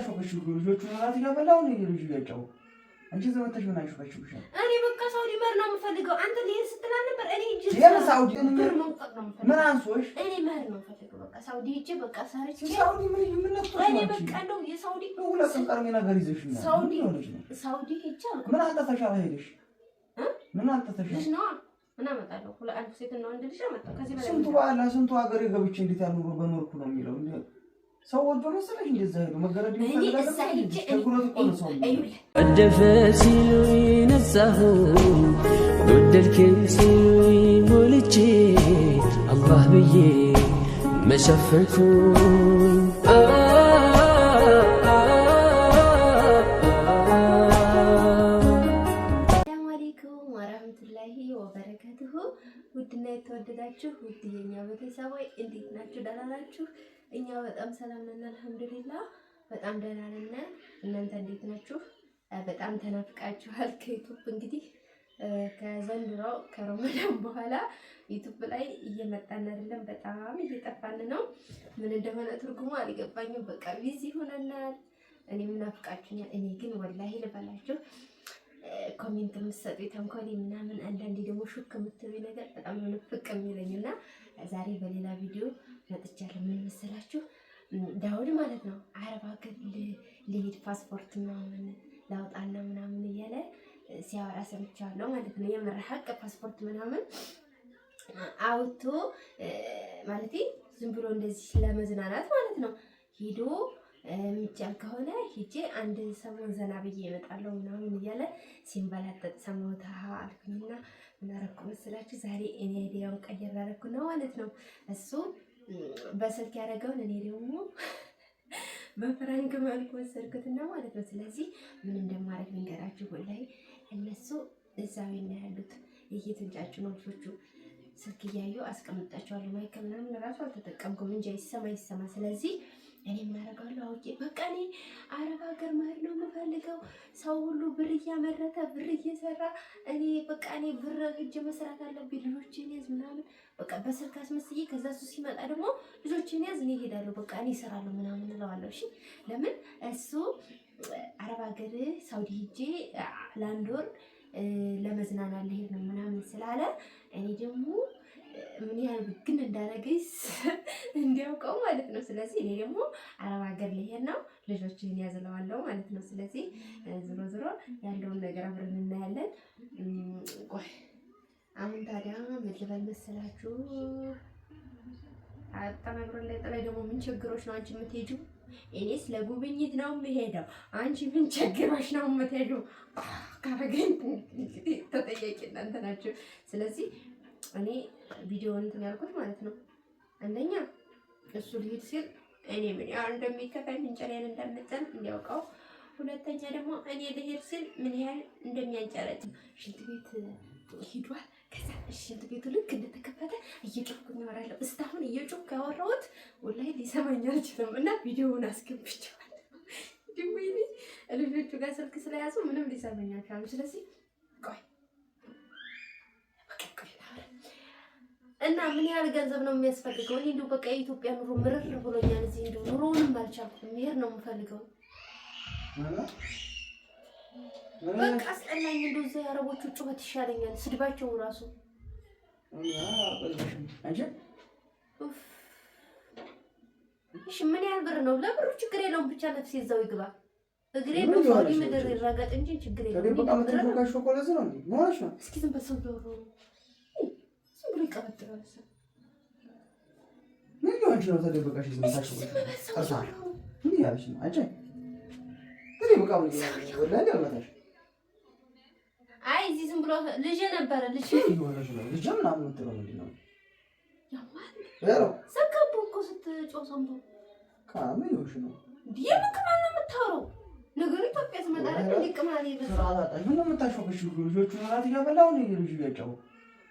አሾፈሽ ልጆቹ መራት እያበላ ነው ልጅ ያጫው አንቺ ዘመተሽ ምን አሾፈሽ? እኔ በቃ ሳውዲ መር ነው የምፈልገው። አንተ ሊሄድ ስትል ነበር። እኔ እጅ ሳውዲ ምን ነው ምን አንሶሽ? እኔ መር ነው የምፈልገው። በቃ ሳውዲ እጅ በቃ ሳርች ሳውዲ ምን ምን ይምነጥ እኔ በቃ ነው የሳውዲ ነው ሁለት ምን ነገር ይዘሽ ነው ሳውዲ ሳውዲ እጅ ምን አንተ ተሻለ ሄደሽ ምን አጠፈሻል? እሺ ነው ምን አመጣለሁ? ሁለት አንድ ሴት ነው እንድልሽ አመጣ ከዚህ በላይ ስንቱ ባላ ስንቱ ሀገር ገብቼ እንዴት ያሉ በኖርኩ ነው የሚለው እንዴ ሰው ወዶ መሰለሽ እንደዚያ ሄዶ መገረድ ቀደፈ ሲሉ ነጻሁ ጎደልክም ሲሉ ሞልቼ አላህ ብዬ መሸፈንኩ የተወደዳችሁ ውድ የኛ ቤተሰቦች እንዴት ናችሁ? ደህና ናችሁ? እኛ በጣም ሰላም ነን፣ አልሐምዱሊላ በጣም ደህና ነን። እናንተ እንዴት ናችሁ? በጣም ተናፍቃችኋል ከዩቱብ እንግዲህ ከዘንድሮ ከረመዳን በኋላ ዩቱብ ላይ እየመጣን አይደለም፣ በጣም እየጠፋን ነው። ምን እንደሆነ ትርጉሙ አልገባኝም። በቃ ቢዚ ሆነናል። እኔም ናፍቃችሁኛል። እኔ ግን ወላሂ ልበላችሁ ኮሜንት የምትሰጡ ተንኮሌ ምናምን፣ አንዳንዴ ደግሞ ሹክ የምትሉ ነገር በጣም ነው ፍቅ የሚለኝ እና ዛሬ በሌላ ቪዲዮ መጥቻለሁ። ምን መሰላችሁ? ዳውድ ማለት ነው አረብ ሀገር ልሄድ ፓስፖርት ምናምን ላውጣና ምናምን እያለ ሲያወራ ሰምቻለሁ ማለት ነው። የምር ሀቅ ፓስፖርት ምናምን አውቶ ማለት ዝም ብሎ እንደዚህ ለመዝናናት ማለት ነው ሂዶ የሚቻል ከሆነ ሂጄ አንድ ሰሞን ዘና ብዬ እመጣለሁ ምናምን እያለ ሲንበላጠጥ ሰሞታ አልኩኝና ምን አደረኩ መስላችሁ? ዛሬ እኔ ዲያውን ቀየር አደረኩ ነው ማለት ነው። እሱ በስልክ ያደረገውን እኔ ደግሞ በፍራንክ መልኩ ነው ማለት ነው። ስለዚህ ምን እንደማደርግ ልንገራችሁ። ላይ እነሱ እዛ እና ያሉት እየተንጫጩ ነው ልጆቹ ስልክ እያዩ አስቀምጣቸዋለሁ። ማይክ ምናምን ራሱ አልተጠቀምኩም እንጂ አይሰማ ይሰማ ስለዚህ እኔ ማረጋለሁ አውቄ በቃ እኔ አረብ ሀገር መሄድ ነው የምፈልገው። ሰው ሁሉ ብር እያመረተ ብር እየሰራ እኔ በቃ እኔ ብር ሂጅ መስራት አለብኝ። ልጆችን ያዝ ምናምን በቃ በስልክ አስመስዬ ከዛ እሱ ሲመጣ ደግሞ ልጆችን ያዝ እኔ እሄዳለሁ በቃ እኔ እሰራለሁ ምናምን እለዋለሁ። እሺ ለምን እሱ አረብ ሀገር ሳውዲ ሂጄ ለአንድ ወር ለመዝናናት ልሄድ ነው ምናምን ስላለ እኔ ደግሞ ምን ያህል ብግን እንዳደረገኝ እንዲያውቀው ማለት ነው። ስለዚህ እኔ ደግሞ አረብ ሀገር ልሄድ ነው፣ ልጆችን ያዝለዋለው ማለት ነው። ስለዚህ ዝሮ ዝሮ ያለውን ነገር አብረን እናያለን። ቆይ አሁን ታዲያ ምን ልበል መሰላችሁ? አጠናግሮ ጠላይ ደግሞ ምን ችግሮች ነው አንቺ የምትሄጂው? እኔስ ለጉብኝት ነው የምሄደው። አንቺ ምን ችግሮች ነው የምትሄጂው? ካረገኝ ተጠያቂ እናንተ ናቸው ስለዚህ እኔ ቪዲዮውን እንትን ያልኩት ማለት ነው። አንደኛ እሱ ልሂድ ሲል እኔ ምን ያህል እንደሚከፋኝ እንጨሬን እንደምጠን እንዲያውቀው፣ ሁለተኛ ደግሞ እኔ ልሂድ ሲል ምን ያህል እንደሚያንጨረጭ ሽንት ቤት ሂዷል። ከዛ ሽንት ቤቱ ልክ እንደተከፈተ እየጮኩ እናወራለሁ። እስካሁን እየጮኩ ያወራሁት ወላሂ ሊሰማኝ አልችልም እና ቪዲዮውን አስገብቼዋለሁ። ልጆቹ ጋር ስልክ ስለያዙ ምንም ሊሰማኝ አልቻለም። ስለዚህ ቆይ እና ምን ያህል ገንዘብ ነው የሚያስፈልገው? እኔ እንደው በቃ የኢትዮጵያ ኑሮ ምርር ብሎኛል። እዚህ እንደው ኑሮውንም አልቻልኩም። መሄድ ነው የምፈልገው። በቃ አስጠላኝ። እንደው እዚህ የአረቦቹ ጩኸት ይሻለኛል። ስድባቸው ራሱ እሺ፣ ምን ያህል ብር ነው? ለብሩ ችግር የለውም ብቻ ነፍሴ እዛው ይግባ። እግሬ ነው ምድር ይረገጥ እንጂ ችግር የለውም። እስኪ ዝም በሰው ብሎ ይቀበጥራል። ምን ሊሆንሽ ነው? ተደበቀሽ ዝምታሽ ምን እያለሽ ነው? አንቺ ተደብቃ ምን ወላሂ አልመታሽ። አይ እዚህ ዝም ብሎ ልጄ ነበረ ልጄ ሆነሽ ነው ልጄ ምናምን ምትለው ምንድን ነው? ዘጋቡ እኮ ስትጮህ ሰምቶ ምን ሆንሽ ነው? የምን ቅማል ነው የምታወራው? ነገሩ ኢትዮጵያ ስመጣ ቅማል ይበዛል። ምን ነው ልጆቹ እራት እያበላሁ ልጅ እያጫወኩ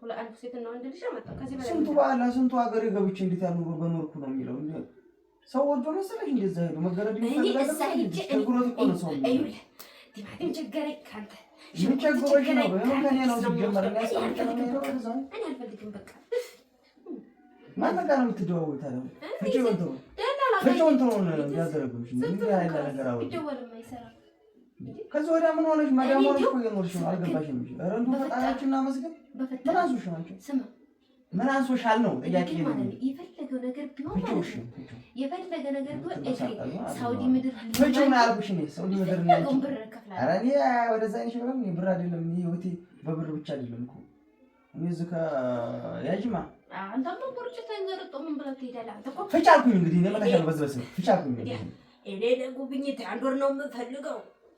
ሁለት አንዱ ሴትና ወንድ ልጅ አመጣሁ። ከዚህ በላይ ስንቱ በኋላ ስንቱ ሀገር ገብቼ እንዴት ያልኖረ በኖርኩ ነው የሚለው ሰው ወዶ መሰለኝ እንደዛ ሄዶ መገረድ ነው ቲማቲም ቸገረኝ ከአንተ ቸገሮች ነው ከኔ ነው ሲጀመር እኔ አልፈልግም በቃ ማነው ጋር ነው የምትደዋወል ታዲያ ነው ነገር ከዚህ ወዲያ ምን ሆነሽ? ማዳም ወርሽ ነው የሞርሽ ነው አልገባሽም። ረንቱ ፈጣናችን እናመስግን። ምን አንሶሽ ናቸው? ስማ ምን አንሶሻል ነው ጥያቄ። የፈለገው ነገር ቢሆን ነው የፈለገ ነገር ቢሆን ሳውዲ ምድር ምን አልኩሽ? ነው? ሳውዲ ምድር ነው። ኧረ እኔ ወደዛ አይነሽ ብላ ብር አይደለም ይሄ ወቴ በብር ብቻ አይደለም እኮ እኔ እዚህ ከያጅማ አንተም ቦርጭ ተንዘርጦ ምን ብለህ ትሄዳለህ አንተ እኮ ፍቻ አልኩኝ። እንግዲህ እኔ ለጉብኝት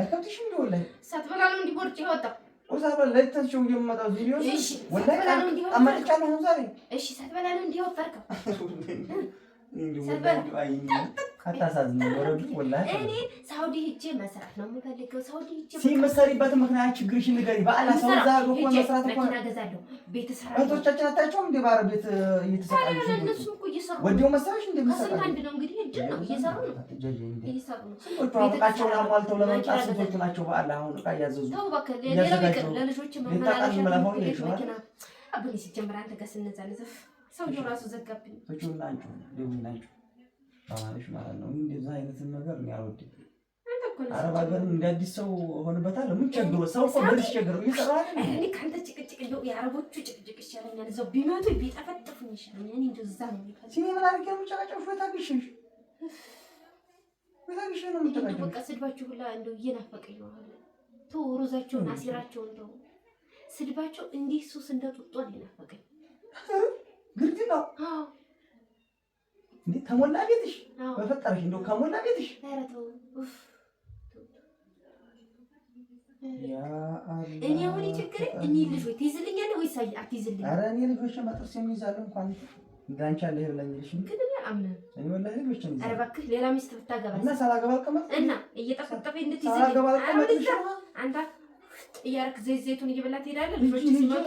አይከብድሽም? እንደ ወላሂ ሳትበላ ነው እንዲህ ቦርጭ የወጣው። ቁርስ አትበላ ለተንሽው እንዲህ የምመጣው እዚህ ቢሆን ወላሂ አመጥቻለሁ ዛሬ። እሺ ሳትበላ ነው እንዲህ የወጣው ከታሳዝን ሳውዲ ሂጄ መስራት ነው የምፈልገው። ሳውዲ ሲመሰሪበት ምክንያት ችግርሽን ንገሪ። ቤት ቤት ራሱ ዘጋብኝ። ናቸው ተማሪዎች ማለት ነው። እንደዛ አይነት ነገር እኔ አልወድም። አረብ ሀገር እንደ አዲስ ሰው ሆንበታል። ምን ቸግሮ ሰው እኮ ምን ሲቸግረው ይሰራል። እኔ ከአንተ ጭቅጭቅ እንደው የአረቦቹ ጭቅጭቅ ይሻለኛል። እዛው ቢመቱ ቢጠፈጥፉኝ ይሻለኛል። እኔ እንደዛ ነው የሚፈልግ ሲኔ ምን አድርጌ የምጨቃጨው ፈታግሽ ፈታግሽ ነው የምጨቃጨው። በቃ ስድባችሁ ሁላ እንደው እየናፈቀኝ ነው። ተው ሮዛቸውን አሲራቸውን እንደው ስድባቸው እንዲህ ሱስ እንደ ጡጦ ነው የናፈቀኝ ግርድ ነው። አዎ እንዴ ተሞላ ቤትሽ በፈጠረሽ እንደው ከሞላ ቤትሽ እኔ አሁን ችግር እኔ ልጆች ትይዝልኛለህ ወይስ አትይዝልኝ? ኧረ እኔ ልጆች መጥርስ የሚይዛለሁ እንኳን እንዳንቺ አለ ይብላኝልሽ ግን አምነ እኔ ወላሂ ልጆች ነው። ኧረ እባክህ ሌላ ሚስት ብታገባ እና ሳላገባ አልቀመጥ እና እየጠፈጠፈኝ እንድትይዝልኝ አንተ እያደረክ ዘይት ዘይቱን እየበላ ትሄዳለህ ልጆች ሲመጡ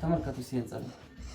ተመልከቱ ሲሄን ነው ።